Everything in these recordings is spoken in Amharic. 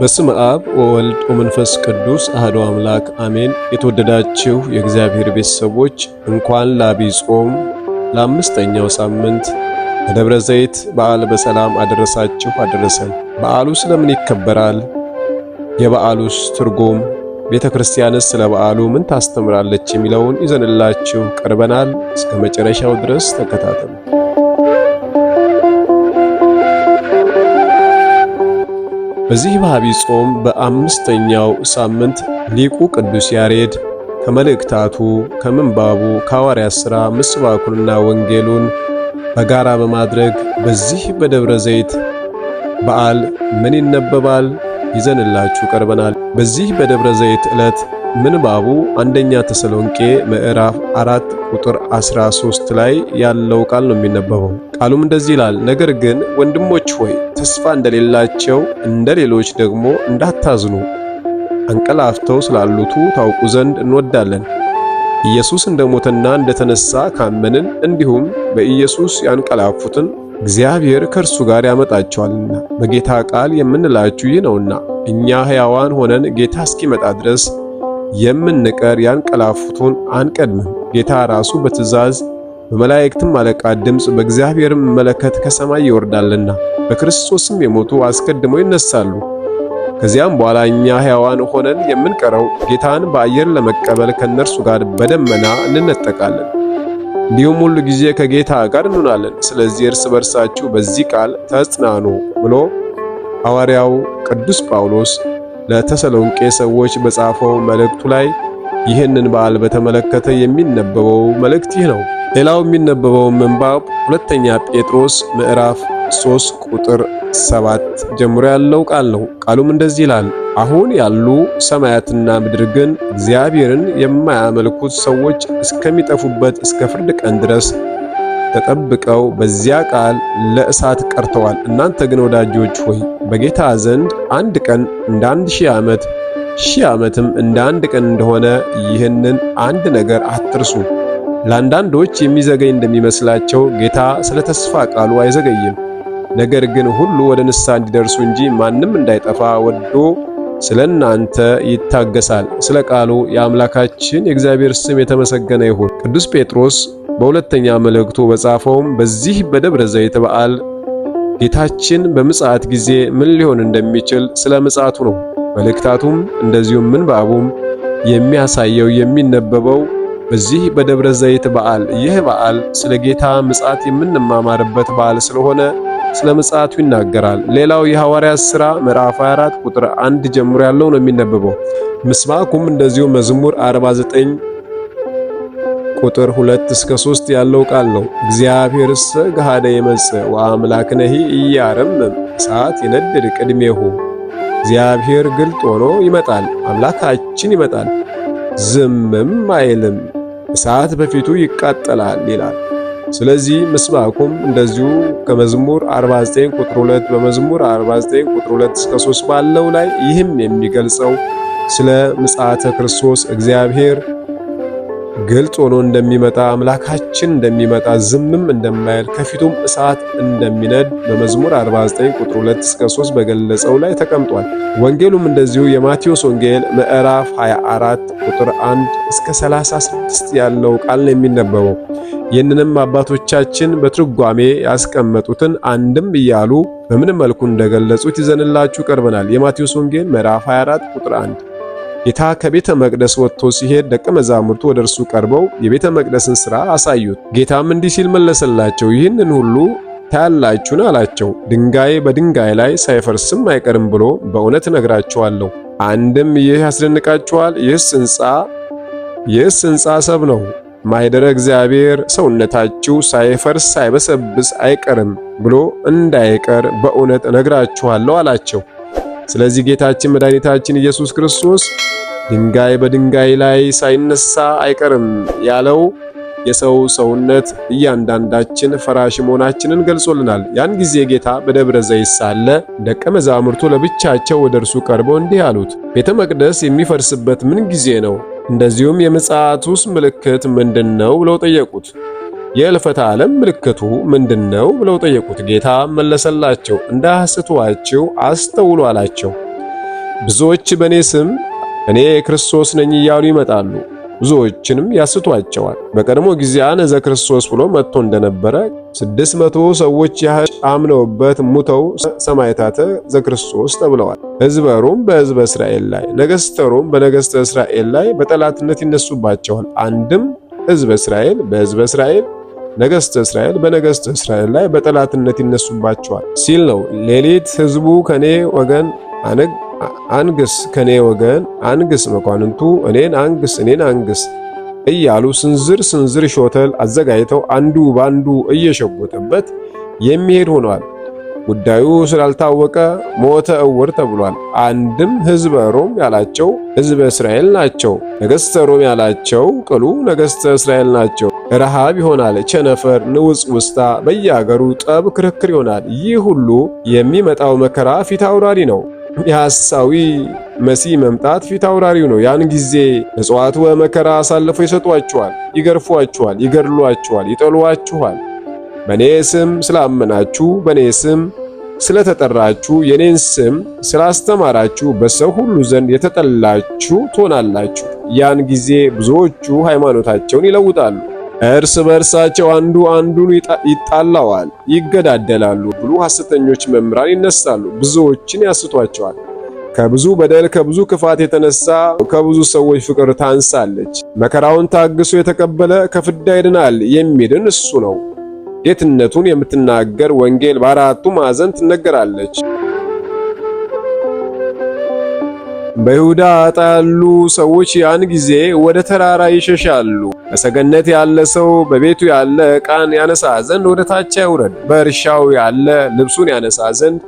በስም አብ ወወልድ ወመንፈስ ቅዱስ አህዶ አምላክ አሜን። የተወደዳችሁ የእግዚአብሔር ቤተሰቦች እንኳን ለዐቢይ ጾም ለአምስተኛው ሳምንት በደብረ ዘይት በዓል በሰላም አደረሳችሁ አደረሰን። በዓሉ ስለምን ይከበራል? የበዓሉስ ትርጉም ቤተ ክርስቲያንስ ስለ በዓሉ ምን ታስተምራለች? የሚለውን ይዘንላችሁ ቀርበናል። እስከ መጨረሻው ድረስ ተከታተሉ። በዚህ በዐቢይ ጾም በአምስተኛው ሳምንት ሊቁ ቅዱስ ያሬድ ከመልእክታቱ ከምንባቡ ከሐዋርያት ሥራ ምስባኩንና ወንጌሉን በጋራ በማድረግ በዚህ በደብረ ዘይት በዓል ምን ይነበባል ይዘንላችሁ ቀርበናል። በዚህ በደብረ ዘይት ዕለት ምንባቡ አንደኛ ተሰሎንቄ ምዕራፍ 4 ቁጥር 13 ላይ ያለው ቃል ነው የሚነበበው። ቃሉም እንደዚህ ይላል፣ ነገር ግን ወንድሞች ሆይ ተስፋ እንደሌላቸው እንደ ሌሎች ደግሞ እንዳታዝኑ አንቀላፍተው ስላሉቱ ታውቁ ዘንድ እንወዳለን። ኢየሱስ እንደ እንደተነሳ ካመንን እንዲሁም በኢየሱስ ያንቀላፉትን እግዚአብሔር ከእርሱ ጋር ያመጣቸዋልና በጌታ ቃል የምንላችሁ ይህ ነውና እኛ ሕያዋን ሆነን ጌታ እስኪመጣ ድረስ የምንቀር ያንቀላፉቱን አንቀድምም። ጌታ ራሱ በትእዛዝ በመላእክትም አለቃ ድምፅ በእግዚአብሔርም መለከት ከሰማይ ይወርዳልና በክርስቶስም የሞቱ አስቀድመው ይነሳሉ። ከዚያም በኋላ እኛ ሕያዋን ሆነን የምንቀረው ጌታን በአየር ለመቀበል ከእነርሱ ጋር በደመና እንነጠቃለን። እንዲሁም ሁሉ ጊዜ ከጌታ ጋር እንሆናለን። ስለዚህ እርስ በርሳችሁ በዚህ ቃል ተጽናኑ ብሎ ሐዋርያው ቅዱስ ጳውሎስ ለተሰሎንቄ ሰዎች በጻፈው መልእክቱ ላይ ይህንን በዓል በተመለከተ የሚነበበው መልእክት ይህ ነው። ሌላው የሚነበበው ምንባብ ሁለተኛ ጴጥሮስ ምዕራፍ 3 ቁጥር 7 ጀምሮ ያለው ቃል ነው። ቃሉም እንደዚህ ይላል፣ አሁን ያሉ ሰማያትና ምድር ግን እግዚአብሔርን የማያመልኩት ሰዎች እስከሚጠፉበት እስከ ፍርድ ቀን ድረስ ተጠብቀው በዚያ ቃል ለእሳት ቀርተዋል። እናንተ ግን ወዳጆች ሆይ በጌታ ዘንድ አንድ ቀን እንደ አንድ ሺህ ዓመት፣ ሺህ ዓመትም እንደ አንድ ቀን እንደሆነ ይህንን አንድ ነገር አትርሱ። ለአንዳንዶች የሚዘገይ እንደሚመስላቸው ጌታ ስለ ተስፋ ቃሉ አይዘገይም። ነገር ግን ሁሉ ወደ ንስሐ እንዲደርሱ እንጂ ማንም እንዳይጠፋ ወዶ ስለ እናንተ ይታገሳል። ስለ ቃሉ የአምላካችን የእግዚአብሔር ስም የተመሰገነ ይሁን። ቅዱስ ጴጥሮስ በሁለተኛ መልእክቱ በጻፈውም በዚህ በደብረ ዘይት በዓል ጌታችን በምጽአት ጊዜ ምን ሊሆን እንደሚችል ስለ ምጽአቱ ነው። መልእክታቱም እንደዚሁም ምንባቡም የሚያሳየው የሚነበበው በዚህ በደብረ ዘይት በዓል ይህ በዓል ስለ ጌታ ምጽአት የምንማማርበት በዓል ስለሆነ ስለ ምጽአቱ ይናገራል። ሌላው የሐዋርያት ሥራ ምዕራፍ 24 ቁጥር 1 ጀምሮ ያለው ነው የሚነበበው። ምስባኩም እንደዚሁ መዝሙር 49 ቁጥር ሁለት እስከ ሶስት ያለው ቃል ነው። እግዚአብሔርሰ ገሃደ የመጽእ ወአምላክነሂ ኢያረምም እሳት ይነድድ ቅድሜሁ። እግዚአብሔር ግልጥ ሆኖ ይመጣል፣ አምላካችን ይመጣል፣ ዝምም አይልም፣ እሳት በፊቱ ይቃጠላል ይላል። ስለዚህ ምስባኩም እንደዚሁ ከመዝሙር 49 ቁጥር 2 በመዝሙር 49 ቁጥር 2 እስከ 3 ባለው ላይ ይህም የሚገልጸው ስለ ምጽአተ ክርስቶስ እግዚአብሔር ግልጽ ሆኖ እንደሚመጣ አምላካችን እንደሚመጣ ዝምም እንደማይል ከፊቱም እሳት እንደሚነድ በመዝሙር 49 ቁጥር 2 እስከ 3 በገለጸው ላይ ተቀምጧል። ወንጌሉም እንደዚሁ የማቴዎስ ወንጌል ምዕራፍ 24 ቁጥር 1 እስከ 36 ያለው ቃል ነው የሚነበበው። ይህንንም አባቶቻችን በትርጓሜ ያስቀመጡትን አንድም እያሉ በምን መልኩ እንደገለጹት ይዘንላችሁ ቀርበናል። የማቴዎስ ወንጌል ምዕራፍ 24 ቁጥር 1 ጌታ ከቤተ መቅደስ ወጥቶ ሲሄድ ደቀ መዛሙርቱ ወደ እርሱ ቀርበው የቤተ መቅደስን ሥራ አሳዩት። ጌታም እንዲህ ሲል መለሰላቸው፣ ይህንን ሁሉ ታያላችሁን? አላቸው። ድንጋይ በድንጋይ ላይ ሳይፈርስም አይቀርም ብሎ በእውነት እነግራችኋለሁ። አንድም ይህ ያስደንቃችኋል? ይህስ ሕንጻ ይህስ ሕንጻ ሰብ ነው። ማይደረ እግዚአብሔር ሰውነታችሁ ሳይፈርስ ሳይበሰብስ አይቀርም ብሎ እንዳይቀር በእውነት እነግራችኋለሁ አላቸው። ስለዚህ ጌታችን መድኃኒታችን ኢየሱስ ክርስቶስ ድንጋይ በድንጋይ ላይ ሳይነሳ አይቀርም ያለው የሰው ሰውነት እያንዳንዳችን ፈራሽ መሆናችንን ገልጾልናል። ያን ጊዜ ጌታ በደብረ ዘይት ሳለ ደቀ መዛሙርቱ ለብቻቸው ወደ እርሱ ቀርበው እንዲህ አሉት፣ ቤተ መቅደስ የሚፈርስበት ምን ጊዜ ነው? እንደዚሁም የምጽአቱስ ምልክት ምንድን ነው? ብለው ጠየቁት። የእልፈተ ዓለም ምልክቱ ምንድነው? ብለው ጠየቁት። ጌታ መለሰላቸው፣ እንዳያስቱአችሁ አስተውሉ አላቸው። ብዙዎች በእኔ ስም እኔ ክርስቶስ ነኝ እያሉ ይመጣሉ። ብዙዎችንም ያስቷቸዋል። በቀድሞ ጊዜ አንዘ ክርስቶስ ብሎ መጥቶ እንደነበረ ስድስት መቶ ሰዎች ያህል አምነውበት ሙተው ሰማዕታተ ዘክርስቶስ ተብለዋል። ሕዝበ ሮም በሕዝበ እስራኤል ላይ፣ ነገሥተ ሮም በነገሥተ እስራኤል ላይ በጠላትነት ይነሱባቸዋል። አንድም ሕዝበ እስራኤል በሕዝበ እስራኤል ነገሥተ እስራኤል በነገሥተ እስራኤል ላይ በጠላትነት ይነሱባቸዋል ሲል ነው። ሌሊት ሕዝቡ ከኔ ወገን አነግ አንግስ ከኔ ወገን አንግስ፣ መኳንንቱ እኔን አንግስ፣ እኔን አንግስ እያሉ ስንዝር ስንዝር ሾተል አዘጋጅተው አንዱ ባንዱ እየሸጎጠበት የሚሄድ ሆኗል። ጉዳዩ ስላልታወቀ ሞተ እውር ተብሏል። አንድም ሕዝበ ሮም ያላቸው ሕዝበ እስራኤል ናቸው። ነገሥተ ሮም ያላቸው ቅሉ ነገሥተ እስራኤል ናቸው። ረሃብ ይሆናል፣ ቸነፈር፣ ንውጽ ውስታ፣ በየአገሩ ጠብ፣ ክርክር ይሆናል። ይህ ሁሉ የሚመጣው መከራ ፊት አውራሪ ነው። የሐሳዊ መሲህ መምጣት ፊት አውራሪው ነው። ያን ጊዜ እጽዋቱ በመከራ አሳልፈው ይሰጧችኋል፣ ይገርፏችኋል፣ ይገድሏችኋል፣ ይጠሏችኋል። በእኔ ስም ስላመናችሁ፣ በእኔ ስም ስለተጠራችሁ፣ የኔን ስም ስላስተማራችሁ በሰው ሁሉ ዘንድ የተጠላችሁ ትሆናላችሁ። ያን ጊዜ ብዙዎቹ ሃይማኖታቸውን ይለውጣሉ እርስ በእርሳቸው አንዱ አንዱን ይጣላዋል፣ ይገዳደላሉ ብሉ ሐሰተኞች መምህራን ይነሳሉ፣ ብዙዎችን ያስቷቸዋል። ከብዙ በደል ከብዙ ክፋት የተነሳ ከብዙ ሰዎች ፍቅር ታንሳለች። መከራውን ታግሶ የተቀበለ ከፍዳ ይድናል የሚድን እሱ ነው። ጌትነቱን የምትናገር ወንጌል በአራቱ ማዕዘን ትነገራለች። በይሁዳ ዕጣ ያሉ ሰዎች ያን ጊዜ ወደ ተራራ ይሸሻሉ። በሰገነት ያለ ሰው በቤቱ ያለ ዕቃን ያነሳ ዘንድ ወደ ታች አይውረድ። በእርሻው ያለ ልብሱን ያነሳ ዘንድ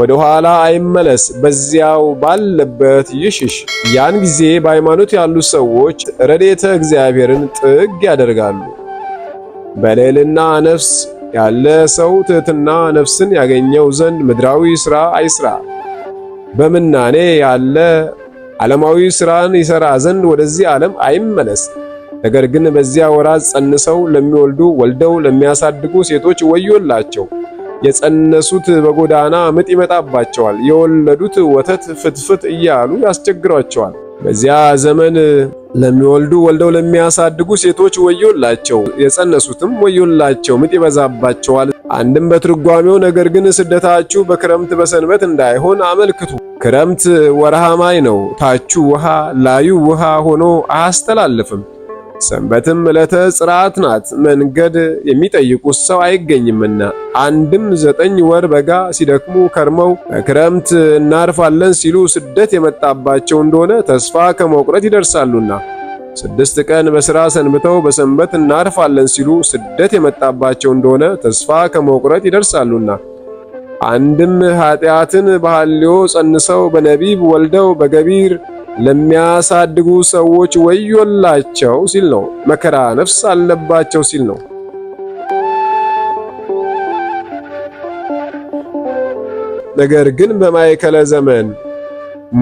ወደ ኋላ አይመለስ፣ በዚያው ባለበት ይሽሽ። ያን ጊዜ በሃይማኖት ያሉ ሰዎች ረድኤተ እግዚአብሔርን ጥግ ያደርጋሉ። በልዕልና ነፍስ ያለ ሰው ትሕትና ነፍስን ያገኘው ዘንድ ምድራዊ ሥራ አይሥራ። በምናኔ ያለ ዓለማዊ ሥራን ይሠራ ዘንድ ወደዚህ ዓለም አይመለስ። ነገር ግን በዚያ ወራት ጸንሰው ለሚወልዱ ወልደው ለሚያሳድጉ ሴቶች ወዮላቸው። የጸነሱት በጎዳና ምጥ ይመጣባቸዋል፣ የወለዱት ወተት ፍትፍት እያሉ ያስቸግሯቸዋል። በዚያ ዘመን ለሚወልዱ ወልደው ለሚያሳድጉ ሴቶች ወዮላቸው፣ የጸነሱትም ወዮላቸው፣ ምጥ ይበዛባቸዋል። አንድም በትርጓሜው ነገር ግን ስደታችሁ በክረምት በሰንበት እንዳይሆን አመልክቱ። ክረምት ወርሃ ማይ ነው። ታቹ ውሃ ላዩ ውሃ ሆኖ አያስተላልፍም። ሰንበትም ዕለተ ጽርዓት ናት፣ መንገድ የሚጠይቁት ሰው አይገኝምና። አንድም ዘጠኝ ወር በጋ ሲደክሙ ከርመው በክረምት እናርፋለን ሲሉ ስደት የመጣባቸው እንደሆነ ተስፋ ከመቁረጥ ይደርሳሉና ስድስት ቀን በሥራ ሰንብተው በሰንበት እናርፋለን ሲሉ ስደት የመጣባቸው እንደሆነ ተስፋ ከመቁረጥ ይደርሳሉና አንድም ኃጢአትን በሐልዮ ጸንሰው በነቢብ ወልደው በገቢር ለሚያሳድጉ ሰዎች ወዮላቸው ሲል ነው። መከራ ነፍስ አለባቸው ሲል ነው። ነገር ግን በማይከለ ዘመን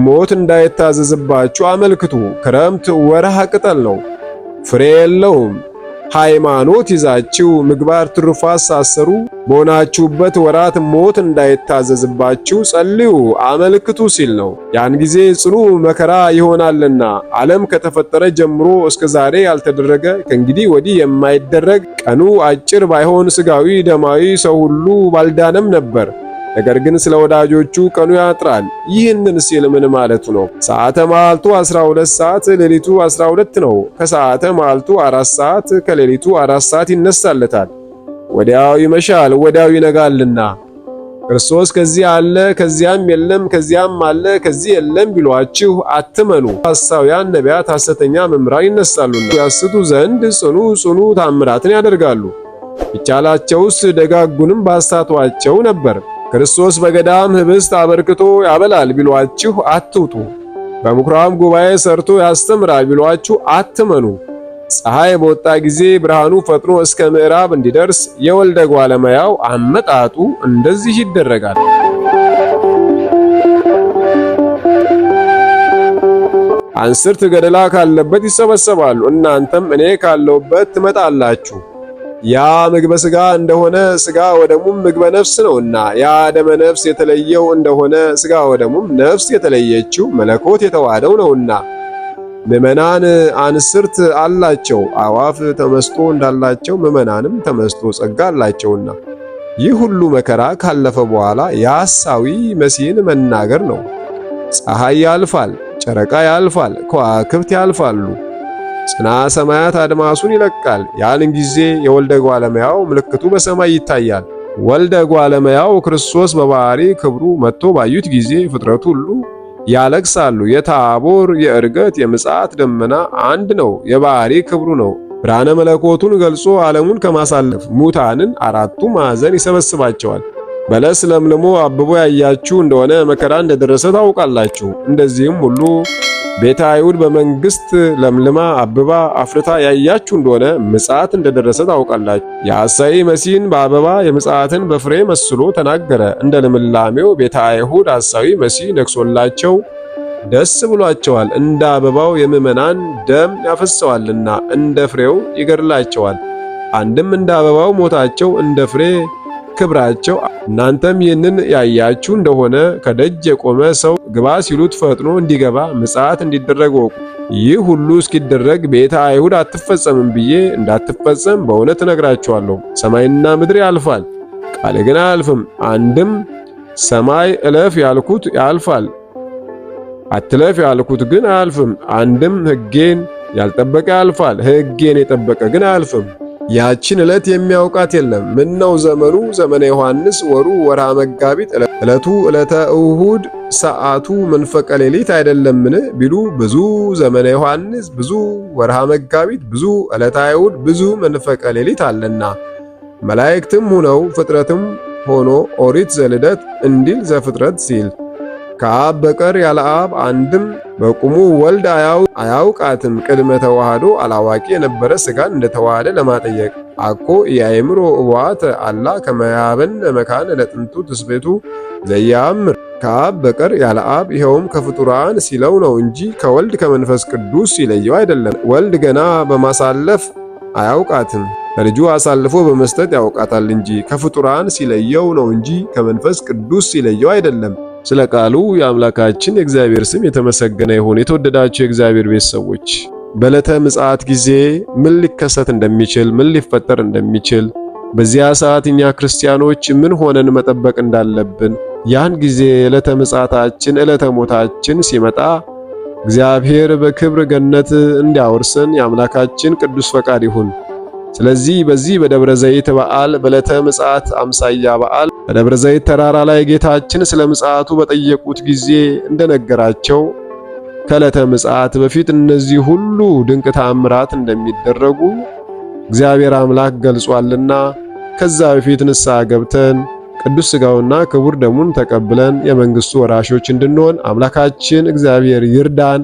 ሞት እንዳይታዘዝባችሁ አመልክቱ። ክረምት ወርሃ ቅጠል ነው፣ ፍሬ የለውም። ሃይማኖት ይዛችሁ ምግባር ትሩፋት ሳሰሩ በሆናችሁበት ወራት ሞት እንዳይታዘዝባችሁ ጸልዩ፣ አመልክቱ ሲል ነው። ያን ጊዜ ጽኑ መከራ ይሆናልና ዓለም ከተፈጠረ ጀምሮ እስከ ዛሬ ያልተደረገ ከእንግዲህ ወዲህ የማይደረግ ቀኑ አጭር ባይሆን ስጋዊ ደማዊ ሰው ሁሉ ባልዳነም ነበር። ነገር ግን ስለ ወዳጆቹ ቀኑ ያጥራል። ይህንን ሲል ምን ማለቱ ነው? ሰዓተ መዓልቱ 12 ሰዓት ሌሊቱ 12 ነው። ከሰዓተ መዓልቱ 4 ሰዓት ከሌሊቱ 4 ሰዓት ይነሳለታል። ወዲያው ይመሻል፣ ወዲያው ይነጋልና ክርስቶስ ከዚህ አለ ከዚያም የለም ከዚያም አለ ከዚህ የለም ቢሏችሁ አትመኑ። ሐሳውያን ነቢያት፣ ሐሰተኛ መምህራን ይነሳሉና ያስቱ ዘንድ ጽኑ ጽኑ ታምራትን ያደርጋሉ። ይቻላቸውስ ደጋጉንም ባሳቷቸው ነበር። ክርስቶስ በገዳም ህብስት አበርክቶ ያበላል ቢሏችሁ አትውጡ፣ በምኵራብ ጉባኤ ሰርቶ ያስተምራል ቢሏችሁ አትመኑ። ፀሐይ በወጣ ጊዜ ብርሃኑ ፈጥኖ እስከ ምዕራብ እንዲደርስ የወልደ ጓለመያው አመጣጡ እንደዚህ ይደረጋል። አንስርት ገደላ ካለበት ይሰበሰባሉ፣ እናንተም እኔ ካለውበት ትመጣላችሁ። ያ ምግበ ስጋ እንደሆነ ስጋ ወደሙም ምግበ ነፍስ ነውና፣ ያ ደመ ነፍስ የተለየው እንደሆነ ስጋ ወደሙም ነፍስ የተለየችው መለኮት የተዋደው ነውና። ምዕመናን አንስርት አላቸው። አዋፍ ተመስጦ እንዳላቸው ምዕመናንም ተመስጦ ጸጋ አላቸውና ይህ ሁሉ መከራ ካለፈ በኋላ የሐሳዊ መሲህን መናገር ነው። ፀሐይ ያልፋል፣ ጨረቃ ያልፋል፣ ከዋክብት ያልፋሉ ጽና ሰማያት አድማሱን ይለቃል። ያን ጊዜ የወልደ ጓለመያው ምልክቱ በሰማይ ይታያል። ወልደ ጓለመያው ክርስቶስ በባህሪ ክብሩ መጥቶ ባዩት ጊዜ ፍጥረቱ ሁሉ ያለቅሳሉ። የታቦር የእርገት የምጽአት ደመና አንድ ነው፣ የባህሪ ክብሩ ነው። ብርሃነ መለኮቱን ገልጾ ዓለሙን ከማሳለፍ ሙታንን አራቱ ማዕዘን ይሰበስባቸዋል። በለስ ለምልሞ አብቦ ያያችሁ እንደሆነ መከራ እንደደረሰ ታውቃላችሁ። እንደዚህም ሁሉ ቤተ አይሁድ በመንግስት ለምልማ አብባ አፍርታ ያያችሁ እንደሆነ ምጽአት እንደደረሰ ታውቃላችሁ። የአሳይ መሲህን በአበባ የምጽአትን በፍሬ መስሎ ተናገረ። እንደ ልምላሜው ቤተ አይሁድ አሳዊ መሲህ ነግሶላቸው ደስ ብሏቸዋል። እንደ አበባው የምዕመናን ደም ያፈሰዋልና እንደ ፍሬው ይገድላቸዋል። አንድም እንደ አበባው ሞታቸው እንደ ፍሬ ክብራቸው። እናንተም ይህንን ያያችሁ እንደሆነ ከደጅ የቆመ ሰው ግባ ሲሉት ፈጥኖ እንዲገባ ምጽአት እንዲደረግ ወቁ። ይህ ሁሉ እስኪደረግ ቤተ አይሁድ አትፈጸምም ብዬ እንዳትፈጸም በእውነት እነግራችኋለሁ። ሰማይና ምድር ያልፋል፣ ቃሌ ግን አያልፍም። አንድም ሰማይ እለፍ ያልኩት ያልፋል፣ አትለፍ ያልኩት ግን አያልፍም። አንድም ሕጌን ያልጠበቀ ያልፋል፣ ሕጌን የጠበቀ ግን አያልፍም። ያችን ዕለት የሚያውቃት የለም። ምነው ዘመኑ ዘመነ ዮሐንስ፣ ወሩ ወራ መጋቢት፣ ዕለቱ ዕለተ እሁድ፣ ሰዓቱ መንፈቀ ሌሊት አይደለምን ቢሉ ብዙ ዘመነ ዮሐንስ፣ ብዙ ወርሃ መጋቢት፣ ብዙ ዕለተ አይሁድ፣ ብዙ መንፈቀ ሌሊት አለና መላእክትም ሆነው ፍጥረትም ሆኖ ኦሪት ዘልደት እንዲል ዘፍጥረት ሲል ከአብ በቀር ያለ አብ አንድም በቁሙ ወልድ አያውቃትም። ቅድመ ተዋህዶ አላዋቂ የነበረ ስጋን እንደተዋሃደ ለማጠየቅ አኮ የአእምሮ እዋት አላ ከመያበን መካን ለጥንቱ ትስቤቱ ዘያምር ከአብ በቀር ያለ አብ ይኸውም ከፍጡራን ሲለው ነው እንጂ ከወልድ ከመንፈስ ቅዱስ ሲለየው አይደለም። ወልድ ገና በማሳለፍ አያውቃትም፣ ለልጁ አሳልፎ በመስጠት ያውቃታል እንጂ ከፍጡራን ሲለየው ነው እንጂ ከመንፈስ ቅዱስ ሲለየው አይደለም። ስለ ቃሉ የአምላካችን የእግዚአብሔር ስም የተመሰገነ ይሁን። የተወደዳችሁ የእግዚአብሔር ቤተሰቦች በዕለተ ምጽአት ጊዜ ምን ሊከሰት እንደሚችል ምን ሊፈጠር እንደሚችል በዚያ ሰዓት እኛ ክርስቲያኖች ምን ሆነን መጠበቅ እንዳለብን ያን ጊዜ ዕለተ ምጽአታችን ዕለተ ሞታችን ሲመጣ እግዚአብሔር በክብር ገነት እንዲያወርሰን የአምላካችን ቅዱስ ፈቃድ ይሁን። ስለዚህ በዚህ በደብረ ዘይት በዓል በዕለተ ምጽአት አምሳያ በዓል በደብረ ዘይት ተራራ ላይ ጌታችን ስለ ምጽአቱ በጠየቁት ጊዜ እንደነገራቸው ከዕለተ ምጽአት በፊት እነዚህ ሁሉ ድንቅ ተአምራት እንደሚደረጉ እግዚአብሔር አምላክ ገልጿልና ከዛ በፊት ንስሐ ገብተን ቅዱስ ሥጋውና ክቡር ደሙን ተቀብለን የመንግሥቱ ወራሾች እንድንሆን አምላካችን እግዚአብሔር ይርዳን።